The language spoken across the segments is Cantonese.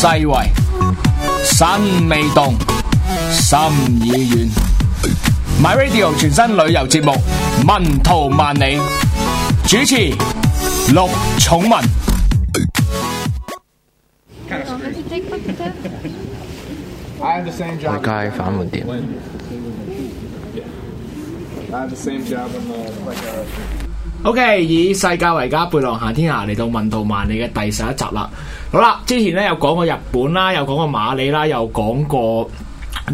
世圍心未動，心已遠。My Radio 全新旅遊節目《文圖萬里》，主持陸寵文。外街板門店。O、okay, K，以世界為家，背囊行天下，嚟到文圖萬里嘅第十一集啦。好啦，之前咧有講過日本啦，又講過馬里啦，又講過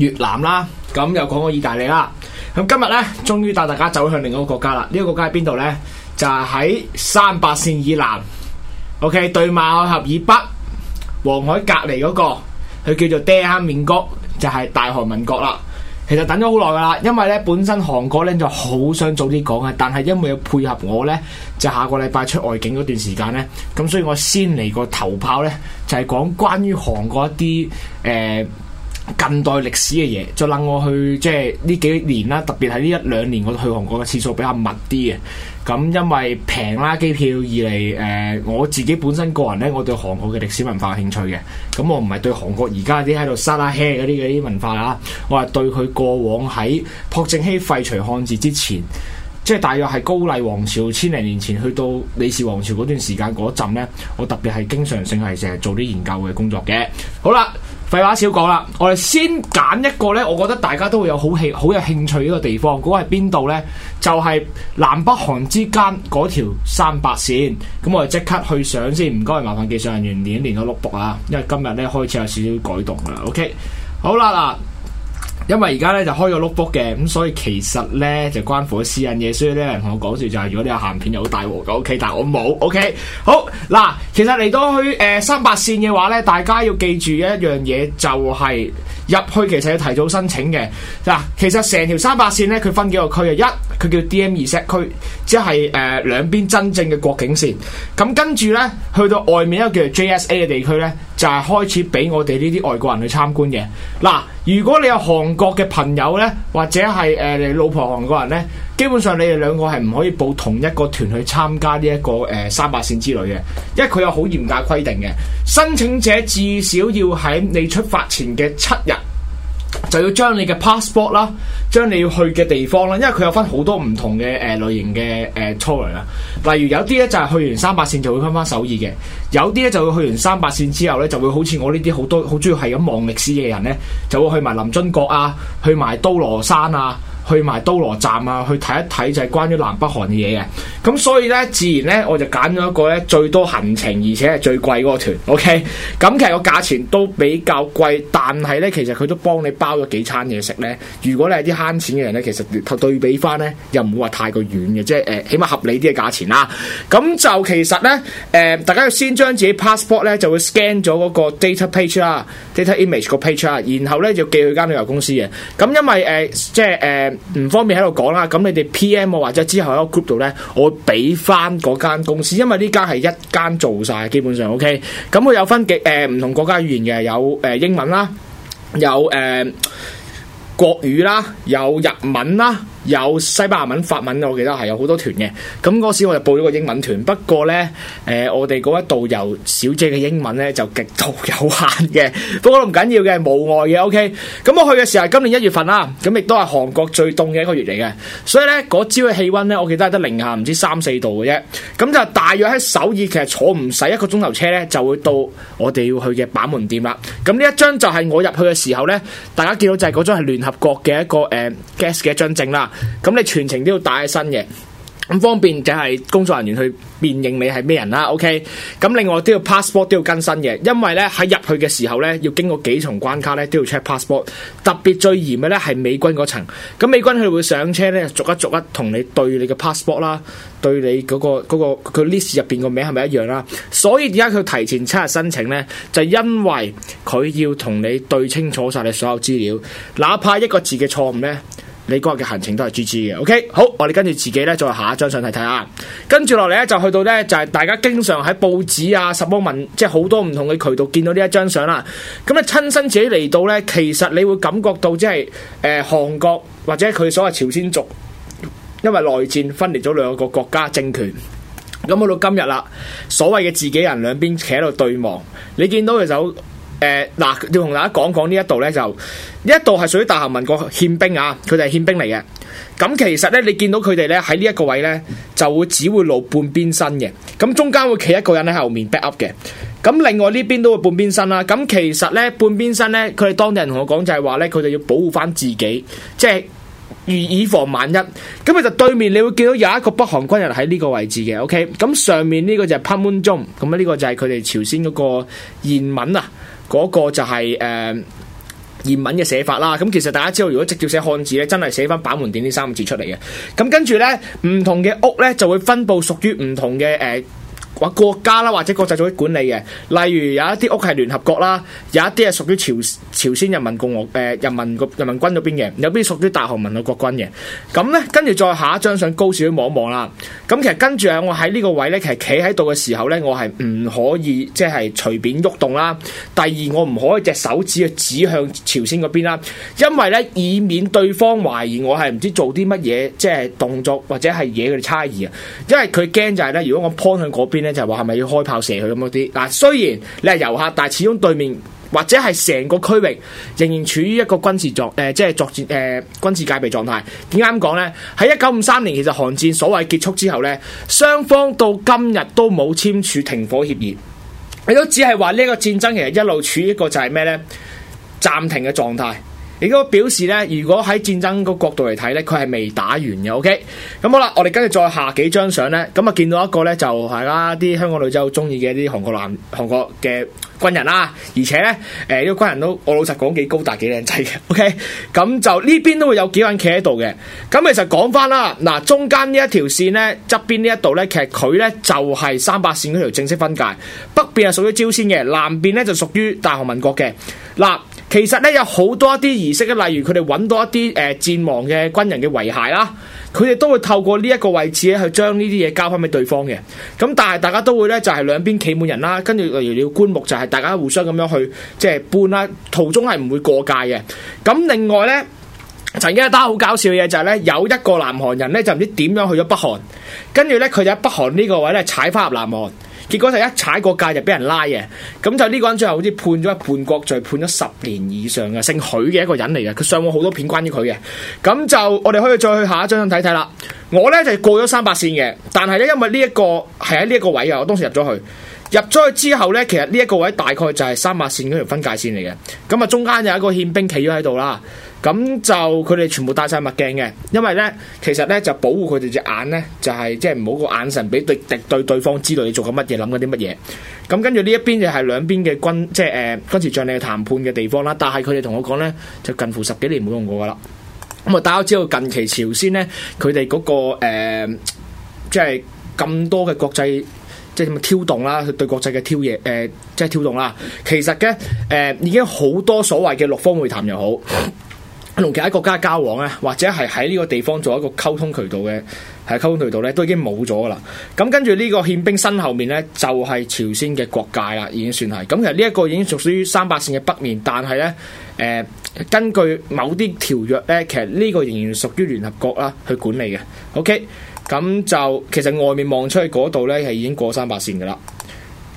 越南啦，咁又講過意大利啦。咁今日咧，終於帶大家走向另一個國家啦。呢、這個國家喺邊度咧？就係、是、喺三八線以南。O、okay? K，對馬海峽以北，黃海隔籬嗰個，佢叫做爹克面國，就係大韓民國啦。其實等咗好耐㗎喇，因為呢本身韓國呢就好想早啲講嘅，但係因為要配合我呢，就下個禮拜出外景嗰段時間呢，咁所以我先嚟個頭炮呢，就係、是、講關於韓國一啲誒。呃近代歷史嘅嘢，就令我去即係呢幾年啦，特別係呢一兩年，我去韓國嘅次數比較密啲嘅。咁因為平啦機票以，二嚟誒我自己本身個人呢，我對韓國嘅歷史文化有興趣嘅。咁我唔係對韓國而家啲喺度撒拉嘿嗰啲嘅啲文化啊，我係對佢過往喺朴正熙廢除漢字之前，即係大約係高麗王朝千零年前去到李氏王朝嗰段時間嗰陣呢，我特別係經常性係成日做啲研究嘅工作嘅。好啦。廢話少講啦，我哋先揀一個呢，我覺得大家都會有好興、好有興趣呢個地方，嗰、那個係邊度呢？就係、是、南北韓之間嗰條三八線，咁我哋即刻去上先。唔該，麻煩技術人員連一連個碌簿啊，因為今日呢開始有少少改動啦。OK，好啦嗱。因為而家咧就開咗 notebook 嘅，咁、嗯、所以其實咧就關乎私隱嘢，所以咧人同我講笑就係、是，如果你有鹹片又、okay, okay, 好大鑊嘅，O K，但係我冇，O K。好嗱，其實嚟到去誒、呃、三八線嘅話咧，大家要記住一樣嘢就係、是、入去其實要提早申請嘅。嗱，其實成條三八線咧，佢分幾個區嘅，一佢叫 D M Z 區，即係誒兩邊真正嘅國境線。咁跟住咧，去到外面一個叫做 J S A 嘅地區咧，就係、是、開始俾我哋呢啲外國人去參觀嘅。嗱。如果你有韓國嘅朋友呢，或者係誒、呃、你老婆韓國人呢，基本上你哋兩個係唔可以報同一個團去參加呢、這、一個誒、呃、三八線之旅嘅，因為佢有好嚴格規定嘅，申請者至少要喺你出發前嘅七日。就要將你嘅 passport 啦，將你要去嘅地方啦，因為佢有分好多唔同嘅誒類型嘅誒 tour 啦。例如有啲咧就係去完三八線就會返返首爾嘅，有啲咧就會去完三八線之後咧就會好似我呢啲好多好鍾意係咁望歷史嘅人咧，就會去埋臨津閣啊，去埋都羅山啊。去埋都羅站啊，去睇一睇就係關於南北韓嘅嘢嘅。咁所以咧，自然咧我就揀咗一個咧最多行程而且係最貴嗰個團，OK，咁、嗯、其實個價錢都比較貴，但係咧其實佢都幫你包咗幾餐嘢食咧。如果你係啲慳錢嘅人咧，其實對比翻咧又唔會話太過遠嘅，即係誒、呃、起碼合理啲嘅價錢啦。咁、嗯、就其實咧誒、呃，大家要先將自己 passport 咧就會 scan 咗嗰個 data page 啦、啊、data image 個 page 啊，然後咧就寄去間旅遊公司嘅。咁因為誒、呃、即係誒。呃呃呃呃唔方便喺度講啦，咁你哋 P.M. 或者之後喺個 group 度咧，我俾翻嗰間公司，因為呢間係一間做晒，基本上，OK。咁佢有分幾誒唔、呃、同國家語言嘅，有誒、呃、英文啦，有誒、呃、國語啦，有日文啦。有西班牙文、法文，我記得係有好多團嘅。咁嗰時我就報咗個英文團，不過咧，誒我哋嗰位導遊小姐嘅英文咧就極度有限嘅。不過都唔緊要嘅，無礙嘅。OK。咁我去嘅時候係今年一月份啦，咁亦都係韓國最凍嘅一個月嚟嘅。所以咧，嗰朝嘅氣温咧，我記得係得零下唔知三四度嘅啫。咁就大約喺首爾，其實坐唔使一個鐘頭車咧，就會到我哋要去嘅板門店啦。咁呢一張就係我入去嘅時候咧，大家見到就係嗰張係聯合國嘅一個誒 guest 嘅一張證啦。咁你全程都要帶起身嘅，咁方便就係工作人員去辨認你係咩人啦。OK，咁另外都要 passport 都要更新嘅，因為咧喺入去嘅時候咧要經過幾重關卡咧都要 check passport，特別最嚴嘅咧係美軍嗰層。咁美軍佢會上車咧逐一逐一同你對你嘅 passport 啦，對你嗰個嗰個佢 list 入邊個名係咪一樣啦。所以而家佢提前七日申請咧，就因為佢要同你對清楚晒你所有資料，哪怕一個字嘅錯誤咧。你嗰日嘅行程都係 G G 嘅，OK，好，我哋跟住自己咧，再下一張相睇睇啊。跟住落嚟咧，就去到咧，就係、是、大家經常喺報紙啊、新聞，即係好多唔同嘅渠道見到呢一張相啦。咁你親身自己嚟到咧，其實你會感覺到即係誒，韓、呃、國或者佢所謂朝鮮族，因為內戰分裂咗兩個國家政權，咁去到今日啦，所謂嘅自己人兩邊企喺度對望，你見到佢就。誒，嗱，呃，要同大家講講呢一度咧，就呢一度係屬於大韓民國憲兵啊，佢哋係憲兵嚟嘅。咁其實咧，你見到佢哋咧喺呢一個位咧，就會只會露半邊身嘅。咁中間會企一個人喺後面 backup 嘅。咁另外呢邊都會半邊身啦。咁其實咧，半邊身咧，佢哋當地人同我講就係話咧，佢哋要保護翻自己，即係。預以防萬一，咁啊就對面你會見到有一個北韓軍人喺呢個位置嘅，OK？咁上面呢個就係 Panmunjom，咁啊呢個就係佢哋朝鮮嗰個諺文啊，嗰、那個就係誒諺文嘅寫法啦。咁其實大家知道，如果直接寫漢字咧，真係寫返板門店呢三個字出嚟嘅。咁跟住呢，唔同嘅屋呢，就會分佈屬於唔同嘅誒。呃或國家啦，或者國際組織管理嘅，例如有一啲屋係聯合國啦，有一啲係屬於朝朝鮮人民共和誒、呃、人民人民軍嗰邊嘅，有邊屬於大韓民國軍嘅。咁咧，跟住再下一張相高處望一望啦。咁其實跟住啊，我喺呢個位咧，其實企喺度嘅時候咧，我係唔可以即係、就是、隨便喐動啦。第二，我唔可以隻手指去指向朝鮮嗰邊啦，因為咧以免對方懷疑我係唔知做啲乜嘢，即係動作或者係惹佢哋猜疑啊。因為佢驚就係、是、咧，如果我 point 向嗰邊。就係話係咪要開炮射佢咁嗰啲嗱？雖然你係遊客，但係始終對面或者係成個區域仍然處於一個軍事狀誒、即、呃、係、就是、作戰誒、呃、軍事戒備狀態。點解噉講呢？喺一九五三年，其實韓戰所謂結束之後呢，雙方到今日都冇簽署停火協議，你都只係話呢個戰爭其實一路處於一個就係咩呢？暫停嘅狀態。亦都表示咧，如果喺戰爭嗰角度嚟睇咧，佢係未打完嘅，OK。咁好啦，我哋跟住再下幾張相咧，咁啊見到一個咧就係、是、啦，啲香港女仔好中意嘅一啲韓國男、韓國嘅軍人啦、啊，而且咧誒，呢、呃這個軍人都我老實講幾高大幾靚仔嘅，OK。咁就呢邊都會有幾個人企喺度嘅。咁其實講翻啦，嗱，中間呢一條線咧，側邊呢一度咧，其實佢咧就係三八線嗰條正式分界，北邊係屬於朝鮮嘅，南邊咧就屬於大韓民國嘅，嗱。其實咧有好多一啲儀式咧，例如佢哋揾到一啲誒、呃、戰亡嘅軍人嘅遺骸啦，佢哋都會透過呢一個位置咧去將呢啲嘢交翻俾對方嘅。咁但係大家都會咧就係、是、兩邊企滿人啦，跟住例如要棺木就係大家互相咁樣去即係搬啦，途中係唔會過界嘅。咁另外咧曾經一單好搞笑嘅嘢就係咧有一個南韓人咧就唔知點樣去咗北韓，跟住咧佢就喺北韓呢個位咧踩翻入南韓。結果就一踩個界就，就俾人拉嘅。咁就呢個人最後好似判咗一叛國罪，判咗十年以上嘅，姓許嘅一個人嚟嘅，佢上網好多片關於佢嘅。咁就我哋可以再去下一張睇睇啦。我呢就過咗三八綫嘅，但係呢，因為呢、這、一個係喺呢一個位啊，我當時入咗去，入咗去之後呢，其實呢一個位大概就係三八綫嗰條分界綫嚟嘅，咁啊中間有一個憲兵企咗喺度啦。咁就佢哋全部戴晒墨鏡嘅，因為咧其實咧就保護佢哋隻眼咧，就係即係唔好個眼神俾對敵對，對對方知道你做緊乜嘢，諗緊啲乜嘢。咁、嗯、跟住呢一邊就係兩邊嘅軍即係誒軍事將領談判嘅地方啦。但係佢哋同我講咧，就近乎十幾年冇用過噶啦。咁、嗯、啊，大家知道近期朝鮮咧，佢哋嗰個即係咁多嘅國際即係點樣挑動啦，對國際嘅挑嘢誒即係挑動啦。其實嘅誒、呃、已經好多所謂嘅六方會談又好。 同其他國家交往咧，或者係喺呢個地方做一個溝通渠道嘅，係溝通渠道咧，都已經冇咗啦。咁跟住呢個憲兵身後面咧，就係、是、朝鮮嘅國界啦，已經算係。咁其實呢一個已經屬屬於三八線嘅北面，但係咧，誒、呃、根據某啲條約咧，其實呢個仍然屬於聯合國啦去管理嘅。OK，咁就其實外面望出去嗰度咧，係已經過三八線嘅啦。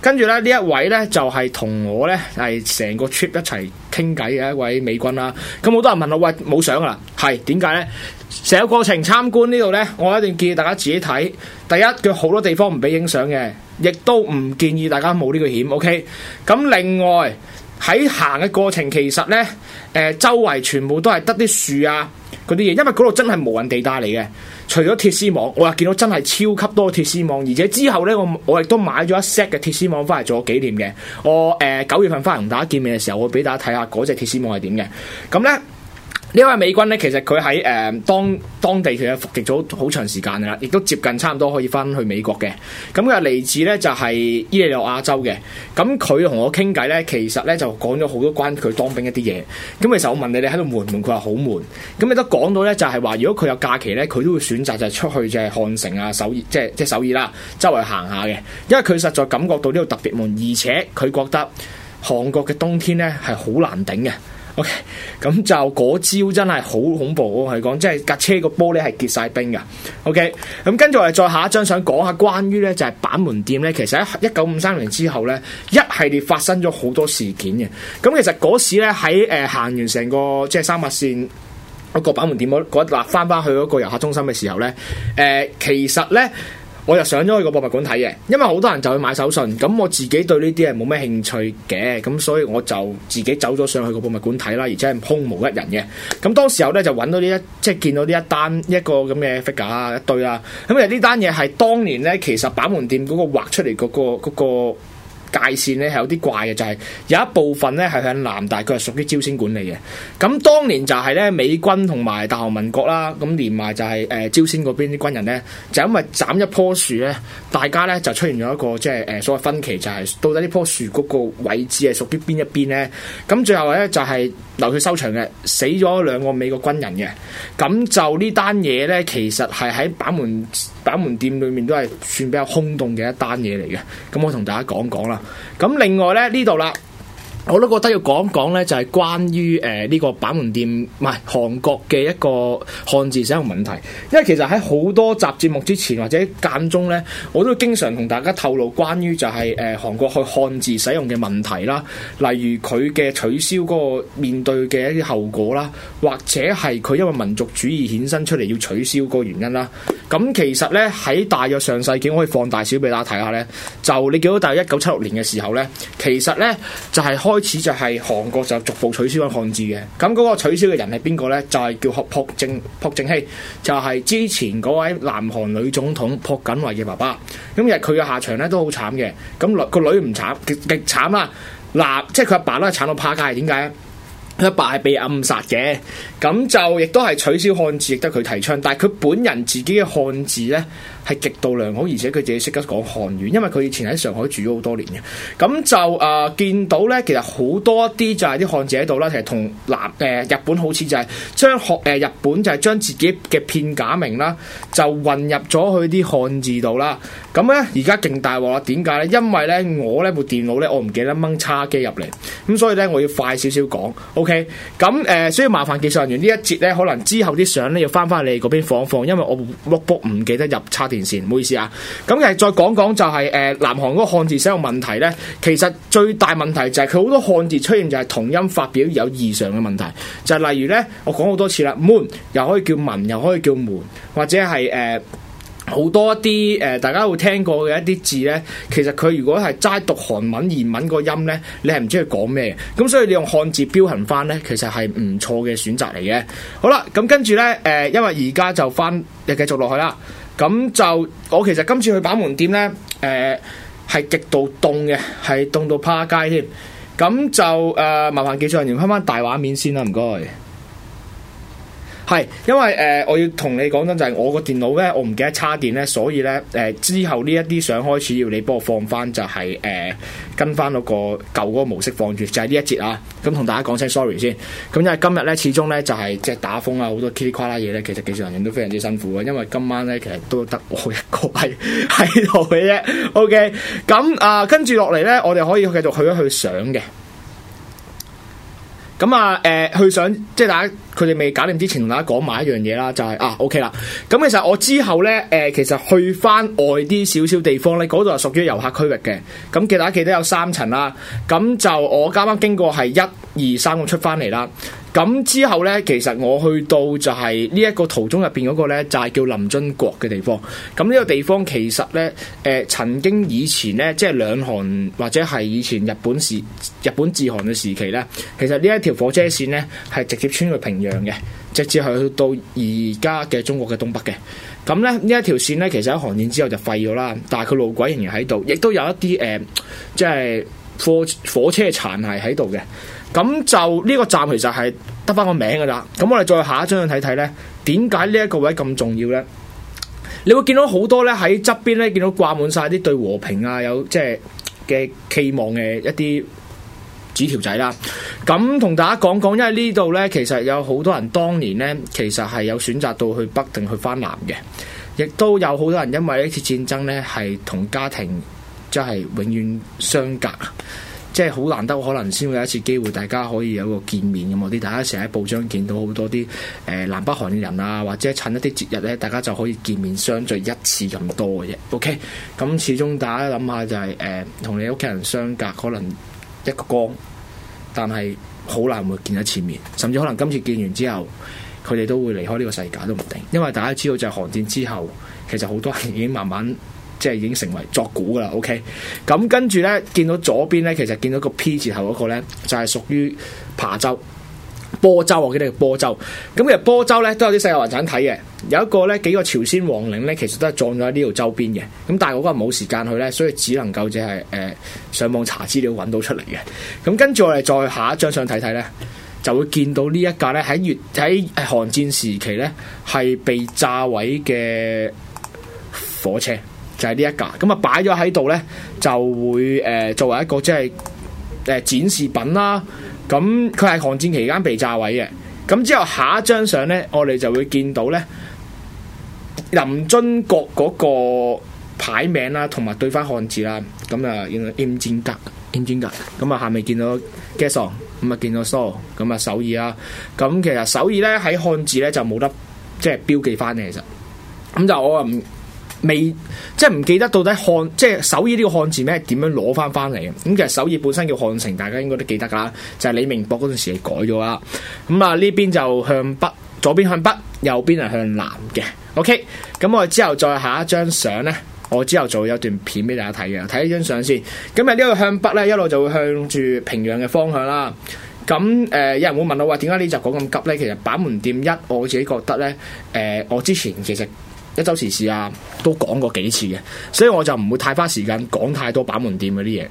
跟住咧，呢一位咧就係、是、同我咧係成個 trip 一齊傾偈嘅一位美軍啦、啊。咁好多人問我：喂，冇相噶啦，係點解咧？成個過程參觀呢度咧，我一定要建議大家自己睇。第一，佢好多地方唔俾影相嘅，亦都唔建議大家冇呢個險。OK。咁另外喺行嘅過程，其實咧誒、呃，周圍全部都係得啲樹啊。嗰啲嘢，因為嗰度真係無人地帶嚟嘅，除咗鐵絲網，我又見到真係超級多鐵絲網，而且之後咧，我我亦都買咗一 set 嘅鐵絲網翻嚟做紀念嘅。我誒九、呃、月份翻嚟同大家見面嘅時候，我會俾大家睇下嗰隻鐵絲網係點嘅。咁咧。呢位美軍咧，其實佢喺誒當當地佢嘅服役咗好長時間啦，亦都接近差唔多可以翻去美國嘅。咁佢嚟自咧就係伊利亞州嘅。咁佢同我傾偈咧，其實咧就講咗好多關佢當兵一啲嘢。咁其實我問你哋喺度悶唔悶？佢話好悶。咁亦都講到咧，就係話如果佢有假期咧，佢都會選擇就係出去就係漢城啊、首爾，即係即係首爾啦，周圍行下嘅。因為佢實在感覺到呢度特別悶，而且佢覺得韓國嘅冬天咧係好難頂嘅。o、okay，咁就嗰招真係好恐怖，我係講，即係架車個玻璃係結晒冰㗎。OK，咁跟住我哋再下一張相，講下關於呢，就係、是、板門店呢。其實喺一九五三年之後呢，一系列發生咗好多事件嘅。咁其實嗰時呢喺誒行完成個即係三八線嗰個板門店嗰度，嗱返返去嗰個遊客中心嘅時候呢，誒、呃、其實呢。我又上咗去個博物館睇嘅，因為好多人就去買手信，咁我自己對呢啲係冇咩興趣嘅，咁所以我就自己走咗上去個博物館睇啦，而且係空無一人嘅。咁當時候呢，就揾到呢一，即係見到呢一單一個咁嘅 figure 一對啦，咁呢單嘢係當年呢，其實板門店嗰個畫出嚟嗰個個。嗰個界線咧係有啲怪嘅，就係、是、有一部分咧係向南，大，係佢係屬於朝鮮管理嘅。咁當年就係咧美軍同埋大韓民國啦，咁連埋就係誒朝鮮嗰邊啲軍人咧，就因為斬一棵樹咧，大家咧就出現咗一個即係誒所謂分歧，就係、是、到底呢棵樹嗰個位置係屬於邊一邊咧？咁最後咧就係流血收場嘅，死咗兩個美國軍人嘅。咁就呢單嘢咧，其實係喺板門板門店裏面都係算比較轟動嘅一單嘢嚟嘅。咁我同大家講講啦。咁另外呢，呢度啦，我都覺得要講一講咧，就係關於誒呢個板門店唔係韓國嘅一個漢字使用問題。因為其實喺好多集節目之前或者間中咧，我都會經常同大家透露關於就係誒韓國去漢字使用嘅問題啦。例如佢嘅取消個面對嘅一啲後果啦，或者係佢因為民族主義衍生出嚟要取消個原因啦。咁其實咧喺大約上世紀，我可以放大少啲俾大家睇下咧。就你見到大約一九七六年嘅時候咧，其實咧就係、是開始就係韓國就逐步取消咗漢字嘅，咁嗰個取消嘅人係邊個呢？就係、是、叫朴正朴正熙，就係、是、之前嗰位南韓女總統朴槿惠嘅爸爸。今日佢嘅下場呢都好慘嘅，咁、那、女個女唔慘極極慘啦，嗱，即係佢阿爸咧慘到怕街，點解佢阿爸係被暗殺嘅，咁就亦都係取消漢字，亦都係佢提倡，但係佢本人自己嘅漢字呢。係極度良好，而且佢自己識得講韓語，因為佢以前喺上海住咗好多年嘅。咁就啊、呃，見到咧，其實好多啲就係啲漢字喺度啦，其實同南誒、呃、日本好似就係將學誒、呃、日本就係將自己嘅片假名啦，就混入咗去啲漢字度啦。咁咧而家勁大鑊啦，點解咧？因為咧我呢部電腦咧，我唔記得掹叉機入嚟，咁所以咧我要快少少講。OK，咁誒、呃，所以麻煩技術人員呢一節咧，可能之後啲相咧要翻翻你嗰邊放放，因為我 notebook 唔記得入叉。電線唔好意思啊，咁誒再講講就係、是、誒、呃、南韓嗰個漢字使用問題咧。其實最大問題就係佢好多漢字出現就係同音發表有異常嘅問題，就是、例如咧，我講好多次啦，門又可以叫文，又可以叫門，或者係誒好多一啲誒、呃、大家會聽過嘅一啲字咧。其實佢如果係齋讀韓文、諺文個音咧，你係唔知佢講咩。咁所以你用漢字標行翻咧，其實係唔錯嘅選擇嚟嘅。好啦，咁跟住咧誒，因為而家就翻誒繼續落去啦。咁就我其實今次去板門店呢，誒、呃、係極度凍嘅，係凍到趴街添。咁就誒、呃、麻煩記者，你開翻大畫面先啦，啊，唔該。係， 因為誒、呃，我要同你講真就係，我個電腦咧，我唔記得叉電咧，所以咧，誒、呃、之後呢一啲相開始要你幫我放翻、就是，就係誒跟翻嗰個舊嗰個模式放住，就係、是、呢一節啊。咁同大家講聲 sorry 先。咁因為今日咧，始終咧就係、是、即係打風啊，好多嘰里呱啦嘢咧，其實幾場人技術人員都非常之辛苦嘅。因為今晚咧，其實都得我一個係喺度嘅啫。OK，咁、嗯、啊，跟住落嚟咧，我哋可以繼續去一去相嘅。咁啊，誒，佢、呃、想即係大家，佢哋未搞掂之前，同大家講埋一樣嘢啦，就係、是、啊，OK 啦。咁其實我之後咧，誒、呃，其實去翻外啲少少地方咧，嗰度係屬於遊客區域嘅。咁記得記得有三層啦。咁就我啱啱經過係一、二、三咁出翻嚟啦。咁之後呢，其實我去到就係呢一個途中入邊嗰個呢，就係、是、叫臨津閣嘅地方。咁呢個地方其實呢，誒、呃、曾經以前呢，即係兩韓或者係以前日本時日本治韓嘅時期呢，其實呢一條火車線呢係直接穿過平壤嘅，直接去到而家嘅中國嘅東北嘅。咁呢，呢一條線呢，其實喺韓戰之後就廢咗啦，但係佢路軌仍然喺度，亦都有一啲誒、呃、即係火火車殘骸喺度嘅。咁就呢個站其實係得翻個名噶啦，咁我哋再下一張去睇睇呢，點解呢一個位咁重要呢？你會見到好多呢，喺側邊呢，見到掛滿晒啲對和平啊有即係嘅期望嘅一啲紙條仔啦。咁同大家講講，因為呢度呢，其實有好多人當年呢，其實係有選擇到去北定去翻南嘅，亦都有好多人因為呢次戰爭呢，係同家庭即係永遠相隔。即係好難得，可能先會有一次機會，大家可以有個見面，咁我啲大家成日喺報章見到好多啲誒、呃、南北韓人啊，或者趁一啲節日呢，大家就可以見面相聚一次咁多嘅啫。OK，咁始終大家諗下就係、是、誒，同、呃、你屋企人相隔可能一個光，但係好難會見一次面，甚至可能今次見完之後，佢哋都會離開呢個世界都唔定。因為大家知道就係韓戰之後，其實好多人已經慢慢。即係已經成為作古㗎喇，OK。咁跟住咧，見到左邊咧，其實見到個 P 字頭嗰個咧，就係屬於琶洲、波州，我記得係波州。咁其實波州咧都有啲世界遺產睇嘅，有一個咧幾個朝鮮皇陵咧，其實都係撞咗喺呢度周邊嘅。咁但係我嗰日冇時間去咧，所以只能夠即係誒上網查資料揾到出嚟嘅。咁跟住我哋再下一張相睇睇咧，就會見到呢一架咧喺越喺韓戰時期咧係被炸毀嘅火車。就係呢一格，咁啊，擺咗喺度咧，就會誒作為一個即係誒展示品啦。咁佢係韓戰期間被炸毀嘅。咁之後下一張相咧，我哋就會見到咧臨津閣嗰個牌名啦，同埋對翻漢字啦。咁啊，應該叫 M 戰甲 M 戰甲咁啊，下面見到 Gaeseong 咁啊，見到 So 咁啊，首爾啊。咁其實首爾咧喺漢字咧就冇得即係標記翻嘅，其實咁就我啊唔。未即係唔記得到底漢即係首爾呢個漢字咩？點樣攞翻翻嚟嘅？咁其實首爾本身叫漢城，大家應該都記得㗎啦。就係、是、李明博嗰陣時改咗啦。咁啊呢邊就向北，左邊向北，右邊係向南嘅。OK，咁我之後再下一張相咧，我之後做有段片俾大家睇嘅，睇一張相先。咁啊呢個向北咧，一路就會向住平壤嘅方向啦。咁誒、呃、有人會問我話點解呢集講咁急咧？其實板門店一我自己覺得咧，誒、呃、我之前其實。一周時事啊，都講過幾次嘅，所以我就唔會太花時間講太多板門店嗰啲嘢，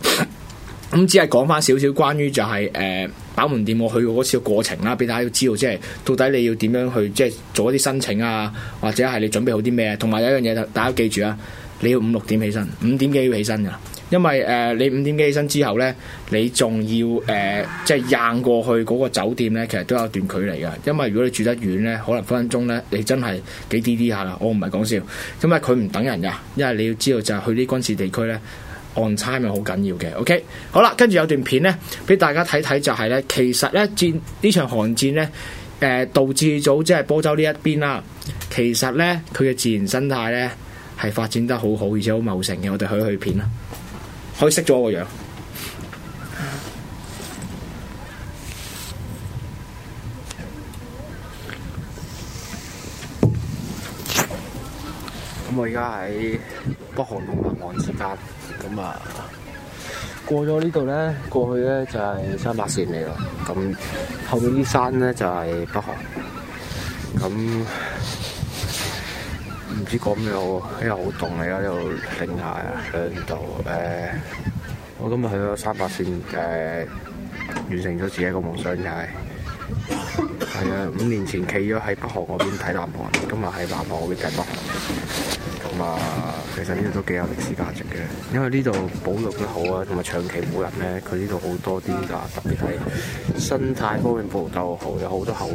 咁 只係講翻少少關於就係誒板門店我去過嗰次嘅過程啦，俾大家要知道，即係到底你要點樣去，即係做一啲申請啊，或者係你準備好啲咩，同埋有一樣嘢大家記住啊，你要五六點起身，五點幾要起身噶因為誒、呃，你五點幾起身之後呢，你仲要誒、呃，即係行過去嗰個酒店呢，其實都有一段距離噶。因為如果你住得遠呢，可能分分鐘呢，你真係幾 D D 下啦。我唔係講笑，因為佢唔等人噶，因為你要知道就係去啲軍事地區咧，on time 係好緊要嘅。OK，好啦，跟住有段片呢，俾大家睇睇就係、是、呢。其實呢，戰呢場韓戰呢，誒、呃、導致咗即係波州呢一邊啦。其實呢，佢嘅自然生態呢，係發展得好好，而且好茂盛嘅。我哋去一去，一去片啦。可以識咗我個樣。咁我而家喺北韓同南韓之間。咁啊，過咗呢度咧，過去咧就係三八線嚟咯。咁後面啲山咧就係北韓。咁。唔知講咩好喎，因為好凍嚟啦，呢度零下啊兩度。誒、呃，我今日去咗三八線，誒、呃、完成咗自己一個夢想就係、係、係啊，五年前企咗喺北韓嗰邊睇南韓，今日喺南韓嗰邊睇北韓，同埋。啊其實呢度都幾有歷史價值嘅，因為呢度保育得好啊，同埋長期冇人咧，佢呢度好多啲啊，特別係生態方面保育得好好，有好多候鳥，誒，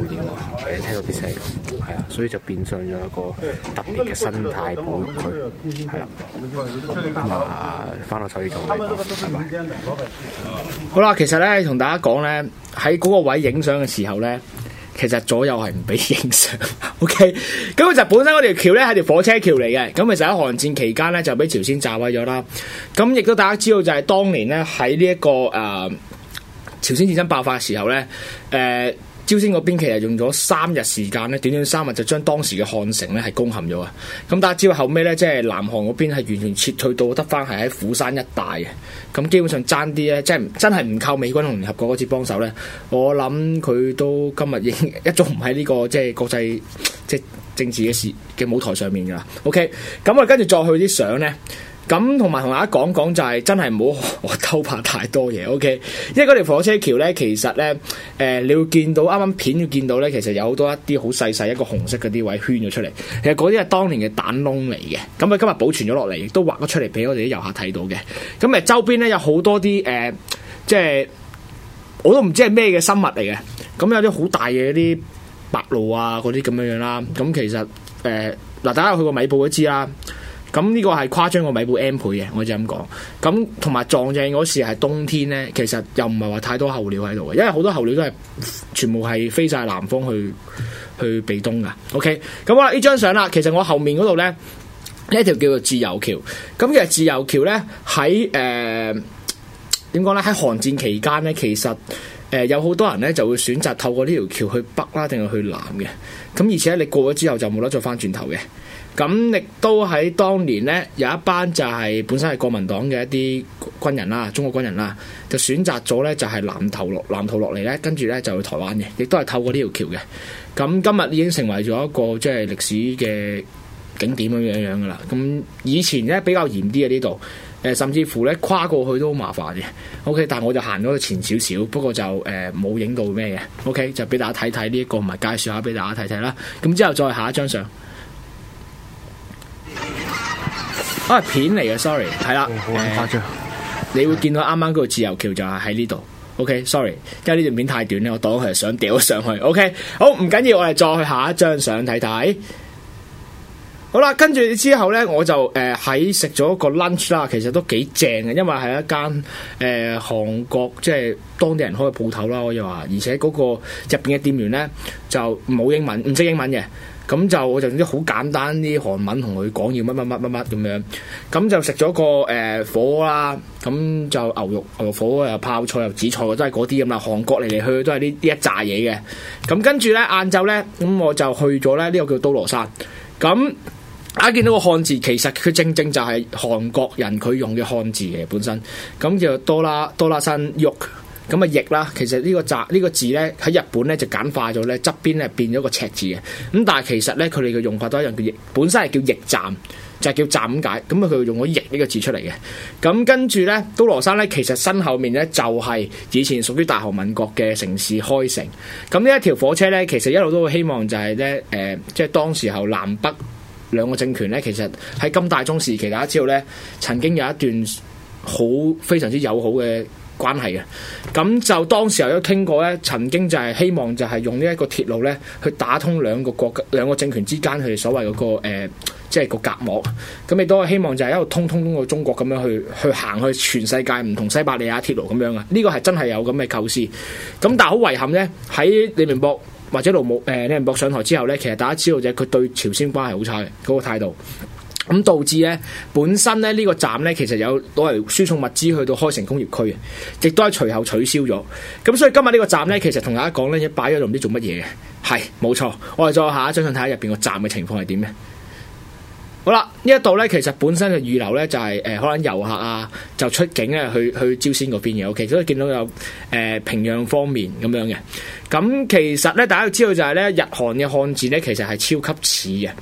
聽到啲聲，係啊，所以就變相咗一個特別嘅生態保育區，係啊。嗱、嗯，返到首爾做嘅，係咪？拜拜好啦，其實咧同大家講咧，喺嗰個位影相嘅時候咧。其實左右係唔俾影相，OK。咁其實本身嗰條橋咧係條火車橋嚟嘅，咁其實喺韓戰期間咧就俾朝鮮炸毀咗啦。咁亦都大家知道就係當年咧喺呢一，呢個誒、呃、朝鮮戰爭爆發嘅時候咧，誒、呃。朝鮮嗰邊其實用咗三日時間咧，短短三日就將當時嘅漢城咧係攻陷咗啊！咁大家知啊，後尾咧即係南韓嗰邊係完全撤退到得翻，係喺釜山一帶嘅。咁基本上爭啲呢，即係真係唔靠美軍同聯合國嗰次幫手呢。我諗佢都今日已經一早唔喺呢個即係國際即係政治嘅事嘅舞台上面噶啦。OK，咁啊，跟住再去啲相呢。咁同埋同大家講講就係、是、真係唔好偷拍太多嘢，OK？因為嗰條火車橋咧，其實咧誒、呃，你會見到啱啱片要見到咧，其實有好多一啲好細細一個紅色嘅啲位圈咗出嚟，其實嗰啲係當年嘅彈窿嚟嘅。咁、嗯、啊，今日保存咗落嚟，亦都畫咗出嚟俾我哋啲遊客睇到嘅。咁、嗯、誒，周邊咧有好多啲誒、呃，即係我都唔知係咩嘅生物嚟嘅。咁、嗯、有啲好大嘅嗰啲白鷺啊，嗰啲咁樣樣啦。咁、嗯嗯嗯、其實誒，嗱、呃、大家有去過米埔都知啦。咁呢個係誇張個米布 M 倍嘅，我就咁講。咁同埋撞正嗰時係冬天呢，其實又唔係話太多候鳥喺度嘅，因為好多候鳥都係全部係飛晒南方去去避冬噶。OK，咁好啦呢張相啦，其實我後面嗰度呢，呢一條叫做自由橋。咁其實自由橋呢，喺誒點講呢？喺、呃、韓戰期間呢，其實誒、呃、有好多人呢就會選擇透過呢條橋去北啦、啊，定係去南嘅。咁而且你過咗之後就冇得再翻轉頭嘅。咁亦都喺當年呢，有一班就係本身係國民黨嘅一啲軍人啦，中國軍人啦，就選擇咗呢，就係、是、南投落，南投落嚟呢，跟住呢，就去台灣嘅，亦都係透過呢條橋嘅。咁今日已經成為咗一個，即係歷史嘅景點咁樣樣噶啦。咁以前呢，比較嚴啲嘅呢度，誒、呃、甚至乎呢，跨過去都好麻煩嘅。OK，但我就行咗前少少，不過就誒冇影到咩嘅。OK，就俾大家睇睇呢一個，同埋介紹下俾大家睇睇啦。咁之後再下一張相。啊片嚟嘅，sorry，係啦、嗯。好誇張，你會見到啱啱嗰個自由橋就係喺呢度。的 OK，sorry，okay，因為呢段片太短咧，我當佢想掉上去。OK，好唔緊要，我哋再去下一張相睇睇。好啦，跟住之後呢，我就誒喺食咗個 lunch 啦，其實都幾正嘅，因為係一間誒韓國即係、就是、當地人開嘅鋪頭啦，我又話，而且嗰個入邊嘅店員呢，就冇英文，唔識英文嘅。.咁就我就用啲好簡單啲韓文同佢講要乜乜乜乜乜咁樣，咁就食咗個誒火鍋啦，咁就牛肉牛肉火鍋又泡菜又紫菜，都係嗰啲咁啦。韓國嚟嚟去去都係呢啲一紮嘢嘅。咁跟住咧晏晝咧，咁我就去咗咧呢個叫都羅山。咁啊見到個漢字，其實佢正正就係韓國人佢用嘅漢字嘅本身。咁就多羅多羅山肉。咁啊，翼啦，其實呢個站呢、這個字呢，喺日本呢就簡化咗呢側邊呢變咗個赤字嘅，咁但係其實呢，佢哋嘅用法都係一樣嘅，本身係叫翼站，就係、是、叫站解，咁啊佢用咗翼呢、這個字出嚟嘅，咁跟住呢，都羅山呢，其實身後面呢就係、是、以前屬於大韓民國嘅城市開城，咁呢一條火車呢，其實一路都會希望就係呢。誒、呃，即、就、係、是、當時候南北兩個政權呢，其實喺金大中時期大家知道呢，曾經有一段好非常之友好嘅關係嘅，咁就當時候都傾過咧，曾經就係希望就係用呢一個鐵路咧，去打通兩個國家、兩個政權之間佢哋所謂、嗰個、呃、即個即係個隔膜。咁亦都係希望就係一路通通通過中國咁樣去去行去全世界唔同西伯利亞鐵路咁樣啊！呢、這個係真係有咁嘅構思。咁但係好遺憾咧，喺李明博或者盧武誒李明博上台之後咧，其實大家知道就係佢對朝鮮關係好差嘅嗰、嗰個態度。咁導致咧，本身咧呢個站咧，其實有攞嚟輸送物資去到開城工業區嘅，亦都係隨後取消咗。咁所以今日呢個站咧，其實同大家講咧，而擺喺度唔知做乜嘢嘅，係冇錯。我哋再下張相睇下入邊個站嘅情況係點嘅。好啦，呢一度咧，其實本身嘅預留咧就係、是、誒、呃、可能遊客啊，就出境咧去去朝鮮嗰邊嘅，OK，所以見到有誒、呃、平壤方面咁樣嘅。咁、嗯、其實咧，大家都知道就係、是、咧，日韓嘅漢字咧其實係超級似嘅。咁、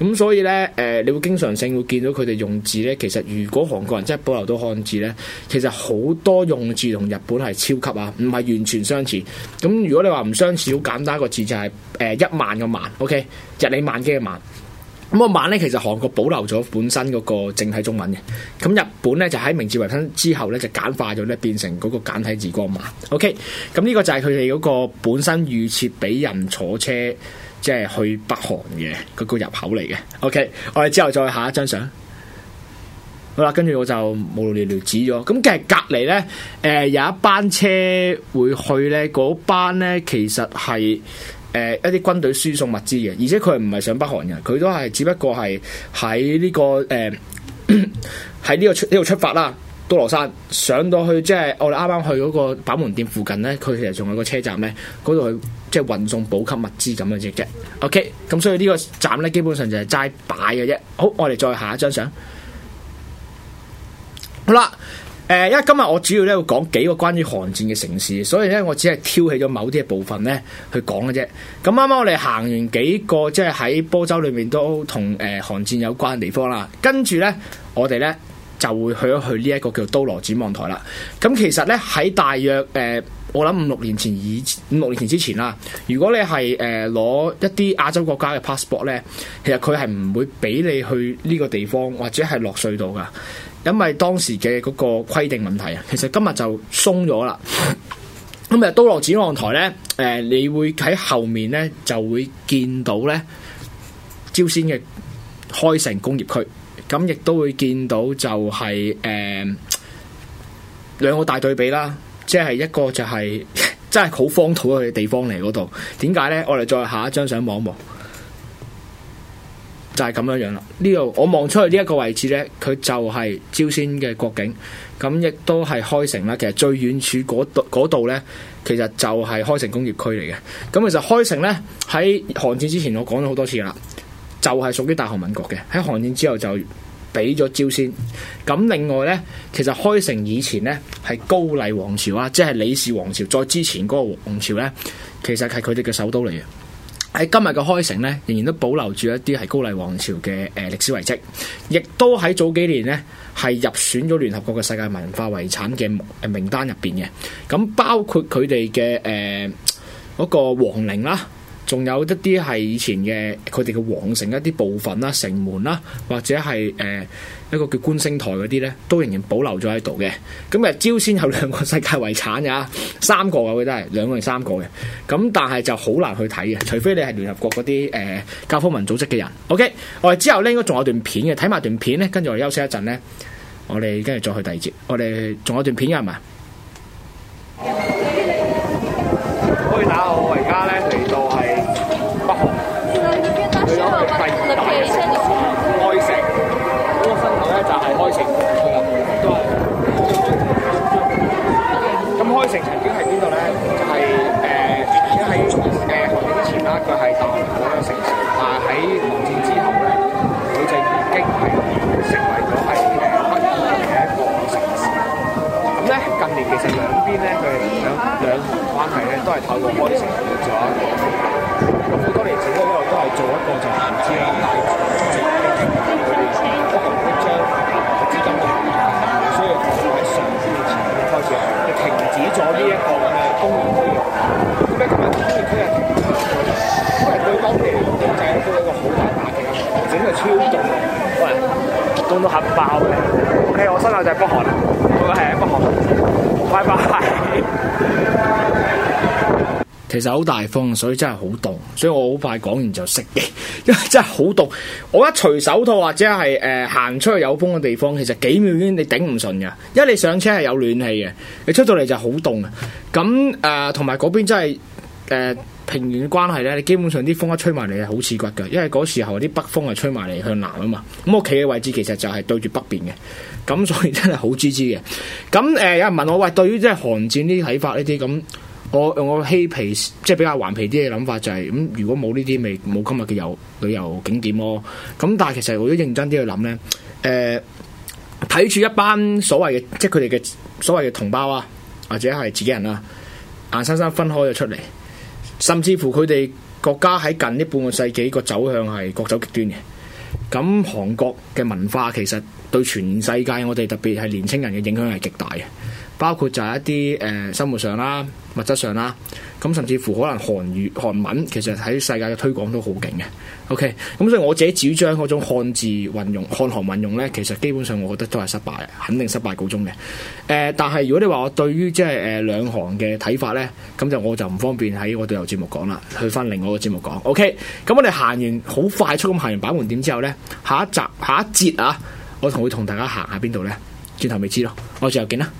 嗯、所以咧，誒、呃、你會經常性會見到佢哋用字咧，其實如果韓國人真係保留到漢字咧，其實好多用字同日本係超級啊，唔係完全相似。咁、嗯、如果你話唔相似，好簡單一個字就係、是、誒、呃、一萬個萬，OK，日理萬機嘅萬。咁個碼咧，其實韓國保留咗本身嗰個正體中文嘅，咁日本咧就喺明治維新之後咧就簡化咗咧，變成嗰個簡體字光碼。OK，咁呢個就係佢哋嗰個本身預設俾人坐車即係、就是、去北韓嘅嗰、那個入口嚟嘅。OK，我哋之後再下一張相。好啦，跟住我就無聊聊指咗。咁其實隔離咧，誒、呃、有一班車會去咧，嗰班咧其實係。誒、呃，一啲軍隊輸送物資嘅，而且佢唔係上北韓嘅，佢都係只不過係喺呢個誒，喺、呃、呢 個出呢個出發啦，都羅山上到去，即係我哋啱啱去嗰個板門店附近咧，佢其實仲有個車站咧，嗰度即係運送補給物資咁樣嘅啫。O K，咁所以呢個站咧，基本上就係齋擺嘅啫。好，我哋再下一張相，好啦。誒，因為今日我主要咧會講幾個關於韓戰嘅城市，所以咧我只係挑起咗某啲嘅部分咧去講嘅啫。咁啱啱我哋行完幾個即係喺坡州裏面都同誒韓戰有關嘅地方啦，跟住咧我哋咧就會去一去呢一個叫都羅展望台啦。咁、嗯、其實咧喺大約誒、呃，我諗五六年前以五六年前之前啦，如果你係誒攞一啲亞洲國家嘅 passport 咧，其實佢係唔會俾你去呢個地方或者係落隧道噶。因為當時嘅嗰個規定問題啊，其實今日就鬆咗啦。咁啊，都羅展望台呢，誒、呃，你會喺後面呢就會見到呢朝鮮嘅開城工業區，咁亦都會見到就係誒兩個大對比啦，即係一個就係、是、真係好荒土嘅地方嚟嗰度，點解呢？我哋再下一張相望一望。就係咁樣樣啦，呢度我望出去呢一個位置呢，佢就係朝鮮嘅國境，咁亦都係開城啦。其實最遠處嗰度嗰度咧，其實就係開城工業區嚟嘅。咁其實開城呢，喺韓戰之前，我講咗好多次噶啦，就係、是、屬於大韓民國嘅。喺韓戰之後就俾咗朝鮮。咁另外呢，其實開城以前呢，係高麗王朝啊，即係李氏王朝，再之前嗰個王朝呢，其實係佢哋嘅首都嚟嘅。喺今日嘅開城咧，仍然都保留住一啲係高麗王朝嘅誒、呃、歷史遺跡，亦都喺早幾年咧係入選咗聯合國嘅世界文化遺產嘅誒名單入邊嘅。咁包括佢哋嘅誒嗰個皇陵啦、啊。仲有一啲係以前嘅佢哋嘅皇城一啲部分啦、城門啦，或者係誒、呃、一個叫觀星台嗰啲呢，都仍然保留咗喺度嘅。咁啊，朝鮮有兩個世界遺產呀，三個啊，我記得係兩個定三個嘅。咁但係就好難去睇嘅，除非你係聯合國嗰啲誒教科文組織嘅人。OK，我哋之後呢應該仲有段片嘅，睇埋段片呢，跟住我休息一陣呢。我哋跟住再去第二節。我哋仲有段片係咪？ 成為咗係香港嘅一個城市。咁咧，近年其實兩邊咧，佢兩兩關係咧都係抬高做一咗。咁好多年政府一路都係做一個就限啦，大規模嘅土地擴張，資金投入，所以喺上邊嘅層面開始就停止咗呢一個嘅工業區。咁咧，琴日工業區啊，可能對當地經濟都係一個好大打擊，整係超凍。喂、嗯！凍到喊包咧，OK，我身後就係北韓啦，嗰個係北韓，拜拜。其實好大風，所以真係好凍，所以我好快講完就熄機，因為真係好凍。我一除手套或者係誒行出去有風嘅地方，其實幾秒已經你頂唔順噶，因為你上車係有暖氣嘅，你出到嚟就好凍。咁誒，同埋嗰邊真係誒。呃平原嘅關係呢，你基本上啲風一吹埋嚟咧，好刺骨嘅。因為嗰時候啲北風係吹埋嚟向南啊嘛。咁我企嘅位置其實就係對住北邊嘅，咁所以真係好滋滋嘅。咁誒、呃、有人問我喂，對於即係韓戰呢啲睇法呢啲咁，我用我嬉皮即係、就是、比較頑皮啲嘅諗法就係、是、咁，如果冇呢啲，咪冇今日嘅遊旅遊景點咯。咁但係其實我都認真啲去諗呢，誒睇住一班所謂嘅即係佢哋嘅所謂嘅同胞啊，或者係自己人啊，硬生生分開咗出嚟。甚至乎佢哋國家喺近呢半個世紀嘅走向係各走極端嘅，咁韓國嘅文化其實對全世界我哋特別係年輕人嘅影響係極大嘅。包括就係一啲誒、呃、生活上啦，物質上啦，咁甚至乎可能韓語韓文其實喺世界嘅推廣都好勁嘅。OK，咁所以我自己主張嗰種漢字運用漢韓運用呢，其實基本上我覺得都係失敗，肯定失敗告終嘅。誒、呃，但係如果你話我對於即係誒兩韓嘅睇法呢，咁就我就唔方便喺我對頭節目講啦，去返另外一個節目講。OK，咁我哋行完好快速咁行完板門店之後呢，下一集下一節啊，我同會同大家行下邊度呢？轉頭未知咯。我最後見啦。